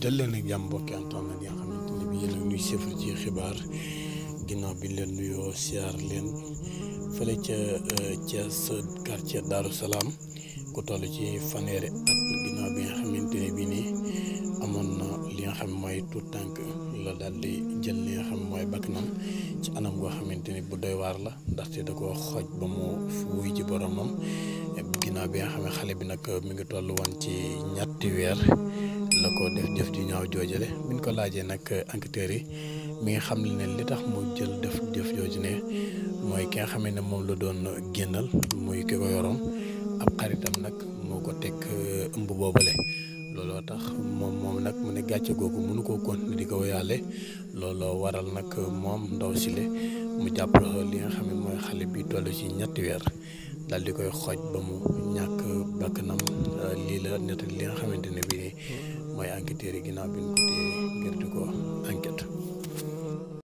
dal leen ak jàmm mbokki internet yi nga xamante ne bi yéen a ñuy sëfar ci xibaar ginnaaw bi leen nuyoo siyaar leen fële ca euh, Thiès quartier Darou Salaam ku toll ci fanweeri at ginnaaw bi nga xamante ne bi nii amoon na li nga xam mooy tout tànk la daal di jël li nga xam mooy bakkanam ci anam goo xamante ni bu doy waar la ndaxte da ko xooj ba mu wuy ji boromam ginnaaw bi nga xam ne xale bi nag mi ngi toll woon ci ñetti weer la ko def. ginnaaw joojale biñ ko laajee nag euh, enquêteurs yi mi nga xam ne li tax mu jël def jëf jooju ne mooy ki nga xamee ne moom la doon génnal muy ki ko ab xaritam nag moo ko teg euh, ëmb boobale looloo tax moom moom nag mu ne gàcce googu mënu koo continuer di ko yàlle looloo waral nag moom ndaw sile mu jàpp li nga xam mooy xale bi toll ci ñetti weer dal di koy xooj ba mu ñàkk bakkanam euh, lii la nettali li nga xamante mooy enquêteurs yi ginnaaw bi ñu